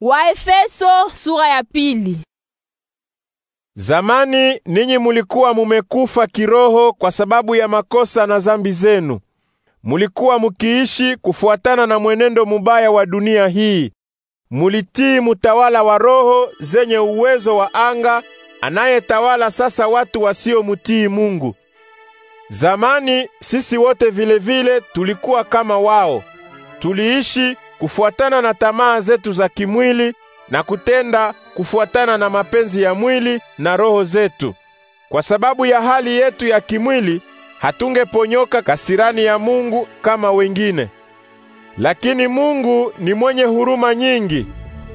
Waefeso sura ya pili. Zamani ninyi mulikuwa mumekufa kiroho kwa sababu ya makosa na zambi zenu. Mulikuwa mukiishi kufuatana na mwenendo mubaya wa dunia hii. Mulitii mutawala wa roho zenye uwezo wa anga anayetawala sasa watu wasiomutii Mungu. Zamani sisi wote vilevile vile tulikuwa kama wao. Tuliishi kufuatana na tamaa zetu za kimwili na kutenda kufuatana na mapenzi ya mwili na roho zetu. Kwa sababu ya hali yetu ya kimwili, hatungeponyoka kasirani ya Mungu kama wengine. Lakini Mungu ni mwenye huruma nyingi.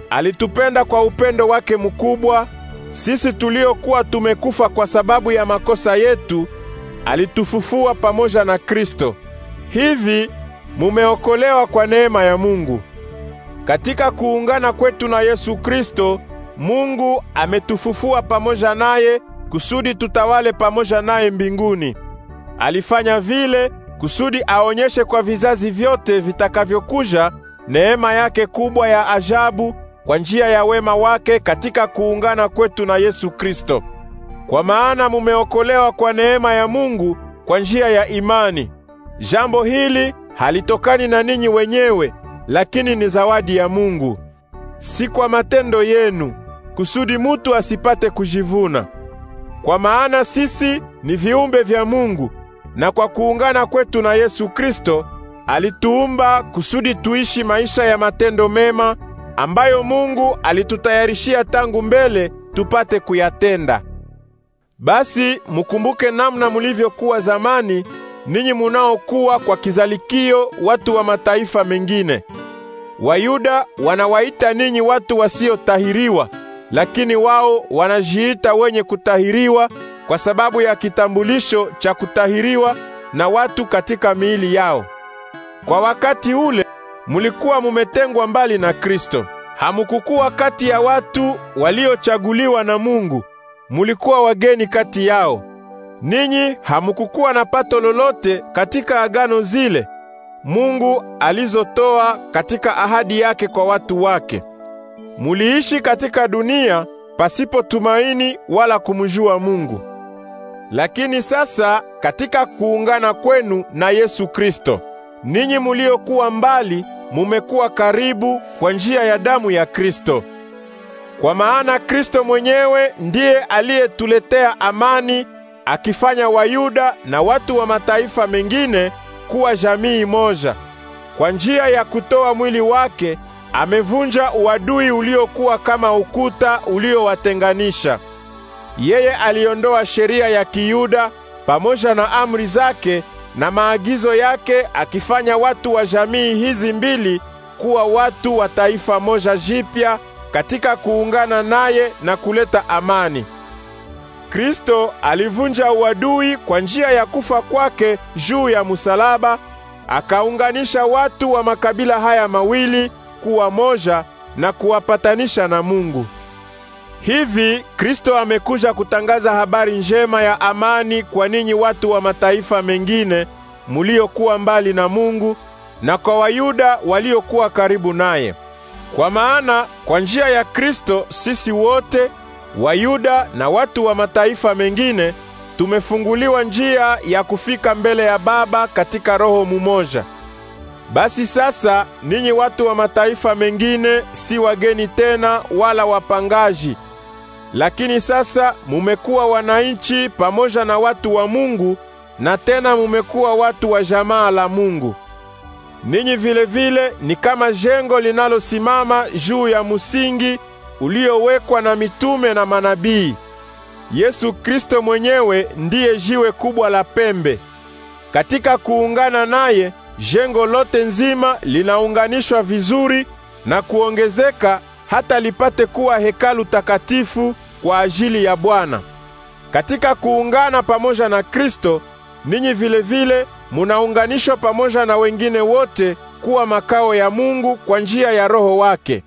Alitupenda kwa upendo wake mkubwa. Sisi tuliokuwa tumekufa kwa sababu ya makosa yetu, alitufufua pamoja na Kristo. Hivi mumeokolewa kwa neema ya Mungu. Katika kuungana kwetu na Yesu Kristo, Mungu ametufufua pamoja naye kusudi tutawale pamoja naye mbinguni. Alifanya vile kusudi aonyeshe kwa vizazi vyote vitakavyokuja neema yake kubwa ya ajabu kwa njia ya wema wake katika kuungana kwetu na Yesu Kristo. Kwa maana mumeokolewa kwa neema ya Mungu kwa njia ya imani. Jambo hili halitokani na ninyi wenyewe, lakini ni zawadi ya Mungu, si kwa matendo yenu, kusudi mutu asipate kujivuna. Kwa maana sisi ni viumbe vya Mungu, na kwa kuungana kwetu na Yesu Kristo alituumba kusudi tuishi maisha ya matendo mema ambayo Mungu alitutayarishia tangu mbele tupate kuyatenda. Basi mukumbuke namna mulivyokuwa zamani ninyi munaokuwa kwa kizalikio watu wa mataifa mengine. Wayuda wanawaita ninyi watu wasiotahiriwa, lakini wao wanajiita wenye kutahiriwa kwa sababu ya kitambulisho cha kutahiriwa na watu katika miili yao. Kwa wakati ule mulikuwa mumetengwa mbali na Kristo. Hamukukuwa kati ya watu waliochaguliwa na Mungu. Mulikuwa wageni kati yao. Ninyi hamukukuwa na pato lolote katika agano zile Mungu alizotoa katika ahadi yake kwa watu wake. Muliishi katika dunia pasipo tumaini wala kumjua Mungu. Lakini sasa katika kuungana kwenu na Yesu Kristo, ninyi muliokuwa mbali mumekuwa karibu kwa njia ya damu ya Kristo. Kwa maana Kristo mwenyewe ndiye aliyetuletea amani akifanya Wayuda na watu wa mataifa mengine kuwa jamii moja. Kwa njia ya kutoa mwili wake amevunja uadui uliokuwa kama ukuta uliowatenganisha. Yeye aliondoa sheria ya Kiyuda pamoja na amri zake na maagizo yake, akifanya watu wa jamii hizi mbili kuwa watu wa taifa moja jipya katika kuungana naye na kuleta amani. Kristo alivunja uadui kwa njia ya kufa kwake juu ya musalaba, akaunganisha watu wa makabila haya mawili kuwa moja na kuwapatanisha na Mungu. Hivi Kristo amekuja kutangaza habari njema ya amani kwa ninyi watu wa mataifa mengine muliokuwa mbali na Mungu na kwa Wayuda waliokuwa karibu naye. Kwa maana kwa njia ya Kristo sisi wote Wayuda na watu wa mataifa mengine tumefunguliwa njia ya kufika mbele ya Baba katika roho mumoja. Basi sasa ninyi watu wa mataifa mengine si wageni tena wala wapangaji, lakini sasa mumekuwa wananchi pamoja na watu wa Mungu na tena mumekuwa watu wa jamaa la Mungu. Ninyi vile vile ni kama jengo linalosimama juu ya msingi uliowekwa na mitume na manabii. Yesu Kristo mwenyewe ndiye jiwe kubwa la pembe. Katika kuungana naye, jengo lote nzima linaunganishwa vizuri na kuongezeka hata lipate kuwa hekalu takatifu kwa ajili ya Bwana. Katika kuungana pamoja na Kristo, ninyi vile vile munaunganishwa pamoja na wengine wote kuwa makao ya Mungu kwa njia ya Roho wake.